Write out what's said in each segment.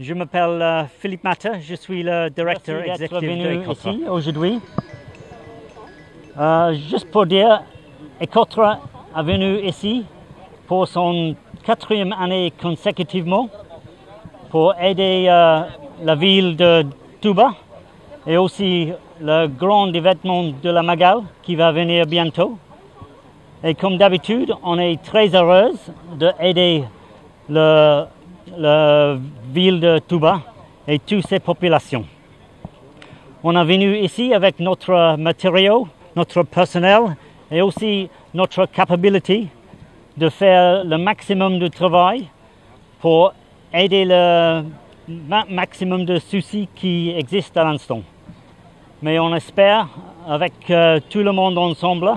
Je m'appelle euh, Philippe Matter, je suis le directeur Merci exécutif venu de Ecotra. ici aujourd'hui. Euh, juste pour dire, Ecotra est venu ici pour son quatrième année consécutivement pour aider euh, la ville de Touba et aussi le grand événement de la Magal qui va venir bientôt. Et comme d'habitude, on est très heureuse d'aider la ville de Touba et toutes ses populations. On est venu ici avec notre matériau, notre personnel et aussi notre capability de faire le maximum de travail pour aider le maximum de soucis qui existent à l'instant. Mais on espère, avec euh, tout le monde ensemble,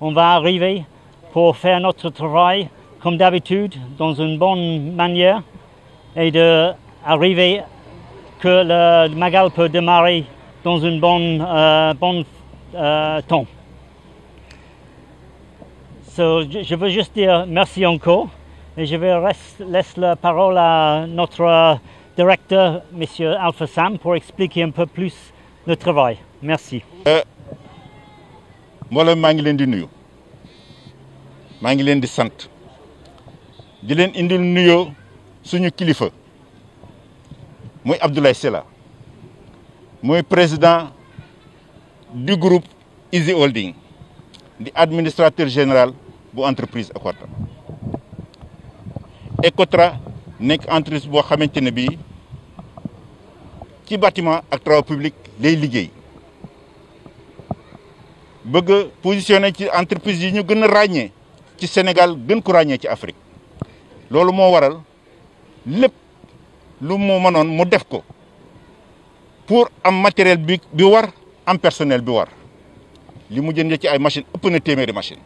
on va arriver pour faire notre travail comme d'habitude, dans une bonne manière, et d'arriver que le Magal peut démarrer dans un bon, euh, bon euh, temps. So, je veux juste dire merci encore et je vais laisser la parole à notre euh, directeur, M. Alpha pour expliquer un peu plus le travail. Merci. Euh, mboolem maa ngi leen di nuyu maa ngi leen di sant di leen indil nuyoo suñu kilifa muy Abdoulaye Sylla muy président du groupe Easy Holding di administrateur général bu entreprise Ecotra Ecotra nekk entreprise boo xamante ne bii ci bâtiment ak travaux publics lay liggéey bëgg a ci entreprise yi ñu gën a ràññee ci Sénégal gën ko ràññee ci Afrique loolu moo waral lépp lu mu mënoon mu def ko pour am matériel bi bi war am personnel bi war li mu jënd ci ay machine ëpp na téeméeri machine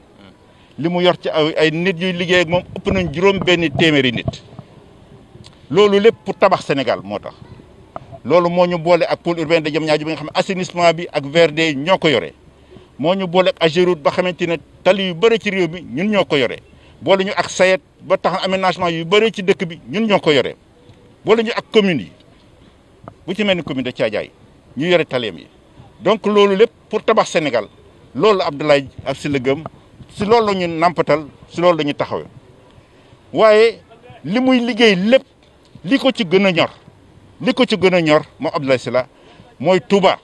li mu yor ci ay nit yuy liggéey ak moom ëpp nañ juróom benn téeméeri nit loolu lépp pour tabax Sénégal moo tax loolu moo ñu boole ak pôle urbain de Diamniadio bi nga xam ne assainissement bi ak VRD ñoo ko yore moo ñu boole ak Ageroute ba xamante ne tali yu bëri ci réew mi ñun ñoo ko yore boole ñu ak SAED ba tax aménagement yu bëri ci dëkk bi ñun ñoo ko yore boole ñu ak communes yi bu ci mel ni commune de Thiadiaye ñu yore taleem yi donc loolu lépp pour tabax Sénégal loolu Abdoulaye ak si la gëm si loolu la ñu nàmpatal si loolu la taxaw taxawee waaye li muy liggéey lépp li ko ci gën a ñor li ko ci gën a ñor moom Abdoulaye Sylla mooy Touba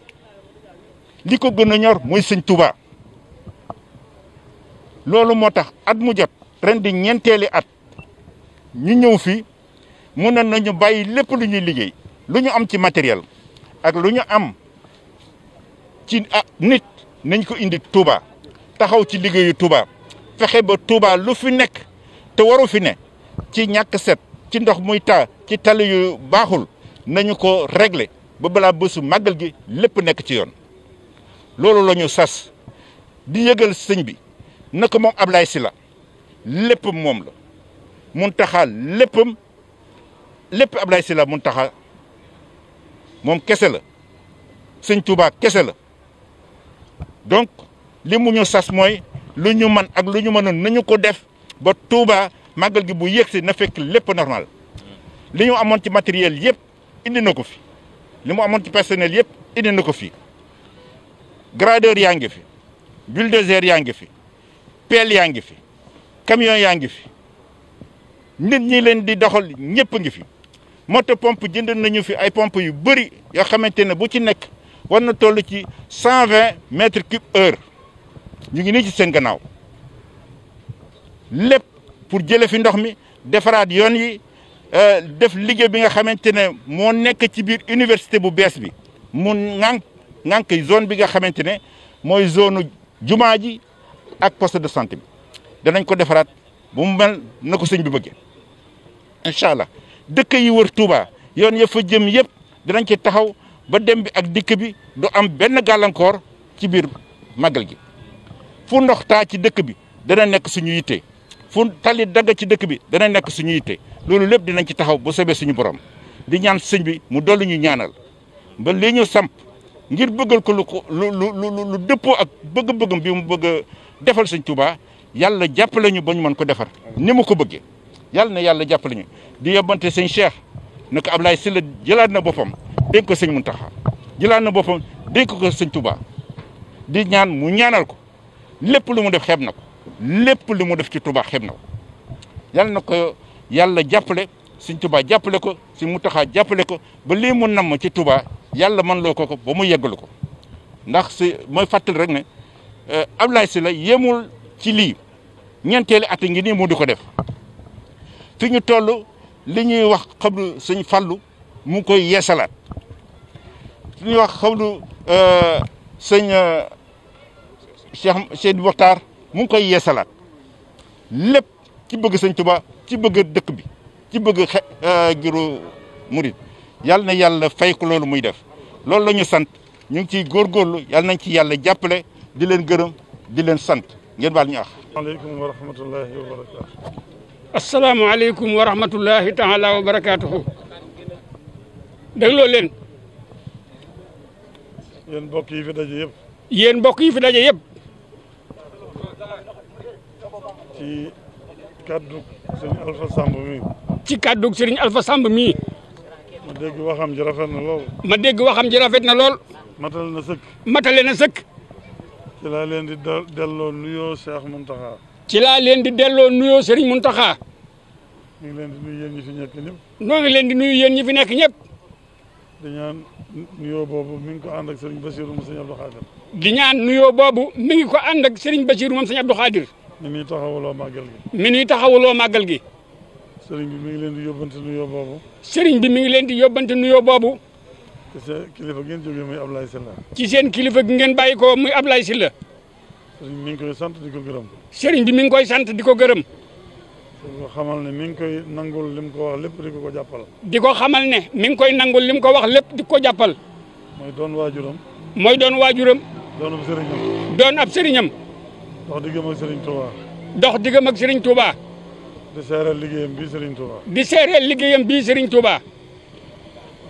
li ko gën a ñor mooy sëñ Touba loolu moo tax at mu jot ren di ñenteeli at ñu ñëw fi mun na nañu bàyyi lépp lu ñuy liggéey lu ñu am ci matériel ak lu ñu am ci ah nit nañ ko indi Touba taxaw ci liggéeyu Touba fexe ba Touba lu fi nekk te waru fi ne ci ñàkk set ci ndox muy taa ci tali yu baaxul nañu ko régler ba balaa bésu màggal gi lépp nekk ci yoon loolu la ñu sas di yëgal sëñ bi naka moom Ablaye Sylla léppam moom la mun Mountakha léppam lépp Ablaye Sylla Mountakha moom kese la sëñ Touba kese la li mu ñu sas mooy lu ñu man ak lu ñu mënoon nañu ko def ba Touba màggal gi bu yegsi na fekk lépp normal li ñu amoon ci matériel yëpp indi na ko fi li mu amoon ci personnel yëpp indi na ko fi gradeur yaa ngi fi bulldozer yaa ngi fi pelle yaa ngi fi camion yaa ngi fi nit ñi leen di doxal ñëpp ngi fi moto pompe jënd nañu fi ay pompe yu bëri yoo xamante ne bu ci nekk war na toll ci cent vingt mètres cube heure ñu ngi nii ci seen gannaaw lépp pour jële fi ndox mi defaraat yoon yi euh, def liggéey bi nga xamante ne moo nekk ci biir université bu bees bi mu ŋànk ŋànk zone bi nga xamante ne mooy zone jumaa ji ak poste de santé bi danañ ko defaraat bu mu mel na ko sëñ bi bëggee incha allah dëkk yi wër Touba yoon yëpp fa jëm yëpp danañ ci taxaw ba dem bi ak dikk bi du am benn gàllankoor ci biir màggal gi fu ndox taa ci dëkk bi dana nekk suñu yitte fu tali dagg ci dëkk bi dana nekk suñu yitte loolu lépp dinañ ci taxaw bu sobee suñu borom di ñaan sëñ bi mu dolli ñu ñaanal ba lii ñu samp ngir bëggal ko lu ko lu lu lu dëppoo ak bëgg-bëggam bi mu bëgg a defal sëñ tubaa yàlla jàppale ñu ba ñu mën ko defar ni mu ko bëggee yàlla na yàlla jàppale ñu di yóbbante sëñ Cheikh na ko Ablaye Sylla jëlaat na boppam dénk ko sëñ Muntaxa jëlaat na boppam dénk ko sëñ tubaa di ñaan mu ñaanal ko lépp lu mu def xeeb na ko lépp lu mu def ci Touba xeeb na ko yàlla na ko yàlla jàppale Sëñ Touba jàppale ko si Sëñ Mountakha jàppale ko ba lii mu ma ci Touba yàlla mën loo ko ko ba mu yeggalu ko ndax si mooy fàttali rek ne eh, Abdoulaye la yemul ci lii ñeenteeli at ngi nii mu di ko def fi ñu toll li ñuy wax xablu Sëñ Fallu mu ngi koy yeesalaat li ñuy wax xablu eh, sëñ eh, Cheikh Seydi Mokhtar mu ngi koy yeesalaat lépp ci bëgg sëñ Tuba ci bëgg dëkk bi ci bëgg xe euh, giru murit yàlla na yàlla fay ko loolu muy def loolu la ñu sant ñu ngi ciy góorgóorlu yàlla nañ ci yàlla jàppale di leen gërëm di leen sant ngeen baal ñu àq. asalaamaaleykum wa rahmatulahi wa barakaatu. asalaamaaleykum wa rahmatulahi taala wa barakaatuhu. dégloo leen. yéen mbokk yi fi daje yëpp. yéen mbokk yi fi daje yëpp. ci kàddug sëriñ alfa Samb mi. ci kàddug sëriñ Alpha Samb mi. ma dégg waxam ji rafet na lool. ma na lool. matal na sëkk. matale na sëkk. ci laa leen di delloo nuyoo Cheikh Mountakha. ci laa leen di delloo nuyoo Serigne Mountakha. ñu ngi leen di nuyu yéen ñi fi nekk ñëpp. ñi nekk ñëpp. di ñaan nuyoo boobu mi ngi ko ànd ak Serigne Bassirou moom di ñaan nuyoo boobu mi ngi ko ànd ak Serigne Bassirou moom Serigne Abdou Khadir. mi ñuy taxawaloo màggal gi. mi ñuy taxawaloo màggal gi. sëriñ bi mi ngi leen di yóbbante nuyoo boobu. sëriñ bi mi ngi leen di yóbbante nuyoo boobu. ci seen kilifa gi ngeen jógee muy Ablaye Sylla. ci seen kilifa gi ngeen bàyyi ko muy Ablaye Sylla. sëriñ bi mi ngi koy sant di ko gërëm. sëriñ bi mi ngi koy sant di ko gërëm. di ko xamal ne mi ngi koy nangul lim ko wax lépp di ko ko jàppal. di ko xamal ne mi ngi koy nangul lim ko wax lépp di ko jàppal. mooy doon waajuram. mooy doon waajuram. doon ab sëriñam. doon ab sëriñam. dox diggam ak Serigne Touba. dox diggam ak Serigne Touba. di seereel liggéeyam bi sëriñ Touba. di seereel liggéeyam bii Serigne Touba.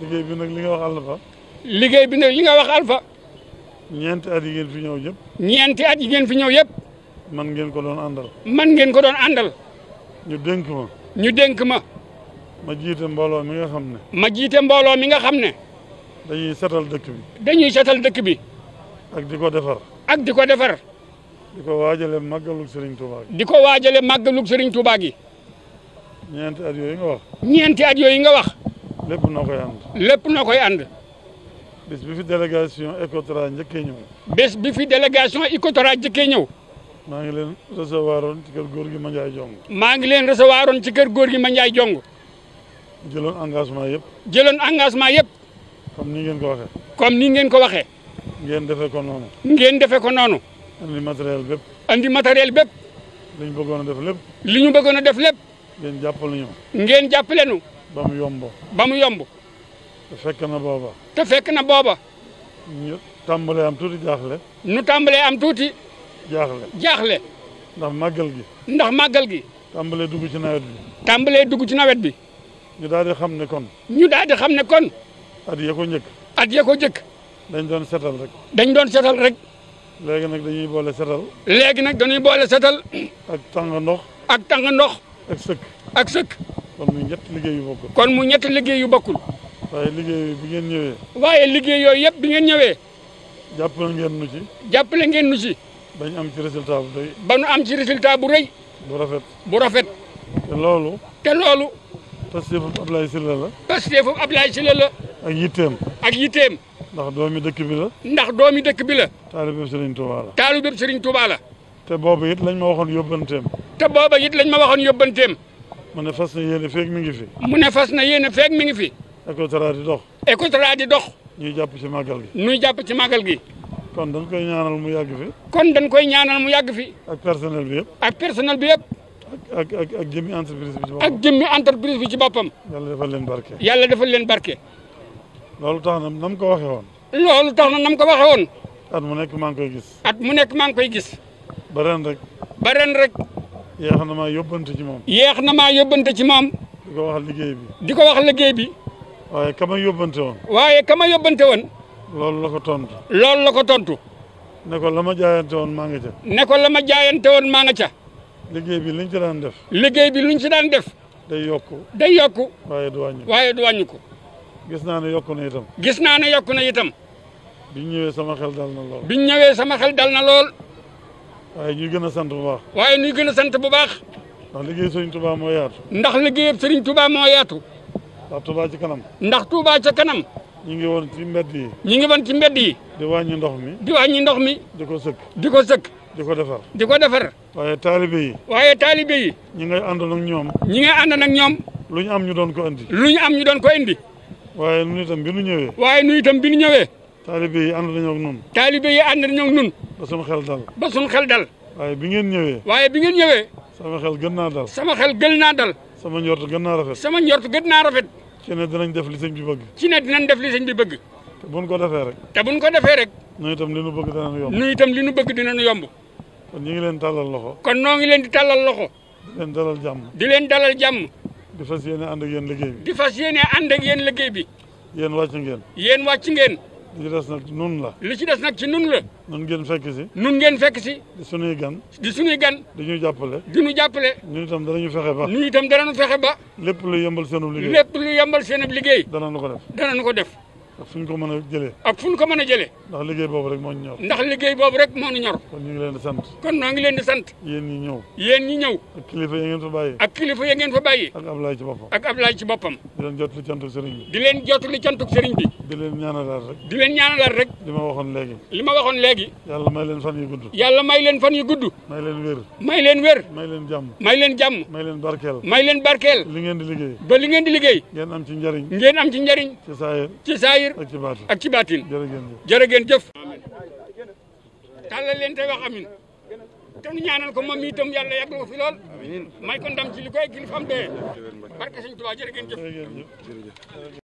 liggéey bi nag li nga wax Alpha. liggéey bi nag li nga wax alfa ñeenti at yi ngeen fi ñëw yëpp. ñeenti at yi ngeen fi ñëw yëpp. man ngeen ko doon àndal. man ngeen ko doon àndal. ñu dénk ma. ñu dénk ma. ma jiite mbooloo mi nga xam ne. ma jiite mbooloo mi nga xam ne. dañuy setal dëkk bi. dañuy setal dëkk bi. ak di ko defar. ak di ko defar. di ko waaja màggalug Serigne Touba gi. di ko waajale màggalug Serigne Touba gi. ñeenti at yooyu nga wax. ñeenti at yooyu nga wax. lépp noo koy ànd. lépp noo koy ànd. bés bi fi délégation ECOTRA njëkkee ñëw. bés bi fi délégation ECOTRA njëkkee ñëw. maa ngi leen recevoir woon ci kër góor gi Mandiaye Jong. maa ngi leen recevoir woon ci kër góor gi Mandiaye Jong. jëloon engagement yëpp. jëloon engagement yëpp. comme ni ngeen ko waxe comme nii ngeen ko waxee. ngeen defee noonu. ngeen defee ko noonu. andi matériel bépp. andi matériel bépp. li ñu bëggoon a def lépp. li ñu bëggoon a def lépp. ngeen jàppale ñu. ngeen jàppale ñu. ba mu yombo ba mu yomb. te fekk na booba. te fekk na booba. ñu tàmbalee am tuuti jaaxle. am tuuti. jaaxle jaaxle. ndax màggal gi. ndax màggal gi. tàmbalee dugg ci nawet bi. tàmbalee dugg ci nawet bi. ñu daal di xam ne kon. ñu daal di xam ne kon. at ya ko njëkk. at ya ko dañ doon setal rek. dañ doon seetal rek. léegi nag dañuy boole setal. léegi nag dañuy boole setal. ak tàng ndox. ak tàng ndox. ak sëkk. ak sëkk. kon mu ñetti liggéey yu bokkul. kon mu ñetti liggéey yu bokkul. waaye liggéey bi ngeen ñëwee. waaye liggéey yooyu yëpp bi ngeen ñëwee. jàpp jàppale ngeen nu ci. jàppale ngeen nu ci. ba am ci résultat bu doy. ba ñu am ci résultat bu rëy. bu rafet. bu rafet. te loolu. te loolu. pasteefu Ablaye Sylla la. pasteefu Ablaye Sylla la. ak yitteem. ak yitteem. ndax doomi dëkk bi la. ndax doomi dëkk bi la. taalibeeb Serigne Touba la. taalibeeb Serigne Touba la. te booba it lañ ma waxoon yóbbanteem. te booba it lañ ma waxoon yóbbanteem. mu ne fas na yéene feeg mi ngi fi. mu ne fas na yéene feeg mi ngi fi. Ecotra di dox. Ecotra di dox. ñuy jàpp ci màggal gi. ñuy jàpp ci màggal gi. kon dañ koy ñaanal mu yàgg fi. kon dañ koy ñaanal mu yàgg fi. ak personnel bi yëpp. ak personnel bi yëpp. ak ak ak jëmmi entreprise bi ci boppam. ak jëmmi entreprise bi ci boppam. yàlla defal leen barke. yàlla defal leen barke. loolu tax na nam ko waxe woon loolu tax na nam ko waxe woon at mu nekk maa ngi koy gis at mu nekk maa ngi koy gis ba ren rek ba ren rek yeex na maa yóbbante ci moom yeex na maa yóbbante ci moom di ko wax liggéey bi di ko wax liggéey bi waaye kama yóbbante woon waaye kama yóbbante woon loolu la ko tontu loolu la ko tontu ne ko la ma jaayante woon maa nga ca ne ko la ma jaayante woon maa nga ca liggéey bi luñ ci daan def liggéey bi luñ ci daan def day yokku day yokku waaye du wàññi waaye du wàññi ko gis naa ne yokku na itam. gis naa ne yokku na itam. biñ ñëwee sama xel dal na lool. biñ ñëwee sama xel dal na lool. waaye ñuy gën a sant bu baax. waaye ñuy gën a sant bu baax. ndax liggéey sëriñ Touba moo yaatu. ndax liggéey sëriñ Touba moo yaatu. ndax Touba ci kanam. ndax Touba ca kanam. ñu ngi woon ci mbedd yi. ñi ngi woon ci mbedd yi. di wàññi ndox mi. di wàññi ndox mi. di ko sëkk. di ko sëkk. di ko defar. di ko defar. waaye taalibe yi. waaye taalibe yi. ñi ngay àndoon ñoom. ñi ngay àndoon ak ñoom. lu ñu am ñu doon ko lu ñu am ñu doon ko indi. waaye nu itam bi nu ñëwee. waaye nu itam bi nu ñëwee. taalibe yi ànd nañoo ak nun taalibe yi ànd nañoo ak nun ba sun xel dal. ba sun xel dal. waaye bi ngeen ñëwee. waaye bi ngeen ñëwee. sama xel gën naa dal. sama xel gën naa dal. sama njort gën naa rafet. sama njort gën naa rafet. ci ne dinañ def li sëñ bi bëgg. ci ne dinañ def li sëñ bi bëgg. te buñ ko defee rek. te buñ ko defee rek. nu itam li nu bëgg dinañ yomb. nu itam li nu bëgg dinañ yomb. kon ñu ngi leen tàllal loxo. kon noo ngi leen di tàllal loxo. di leen dalal di leen dalal jàmm. di fas yéene ànd ak yéen liggéey bi. di fas yéene ànd ak yéen liggéey bi. yéen wàcc ngeen. yéen wàcc ngeen. li ci des nag nun la. li ci des nag ci nun la. nun ngeen fekk si. nun ngeen fekk si. di sunuy gan. di gan. di ñu jàppale. di ñu jàppale. ñun itam danañu fexe ba. ñun itam danañu fexe ba. lépp lu yembal seenub liggéey. lépp lu yembal seenub liggéey. danañu ko def danañu ko def. ak fu ñu ko mën a jëlee ak fu ñu ko a jëlee ndax liggéey boobu rek moo ñu ñor ndax liggéey boobu rek moo ñu ñor kon sant kon noo ngi leen sant yéen ñi ñëw yéen ñi ñëw ak kilifa ya ngeen fa bàyyi ak kilifa ya ngeen fa bàyyi ak ak Ablaye ci boppam di jot li cantuk sëriñ bi jot li cantuk sëriñ bi di leen ñaanalaat rek di leen ñaanalaat rek li ma waxoon léegi li ma waxoon léegi yàlla may leen fan yu gudd yàlla may leen fan yu gudd may leen wér may leen wér may leen jàmm may leen jàmm zahir ak ci baatin jërë ngeen jëf tàllal leen tey wax amin te nu ñaanal ko moom itam yàlla yàgg ko fi lool may ko ndam ci li ko koy kilifaam dee barke sëñ Tuubaa jërë ngeen jëf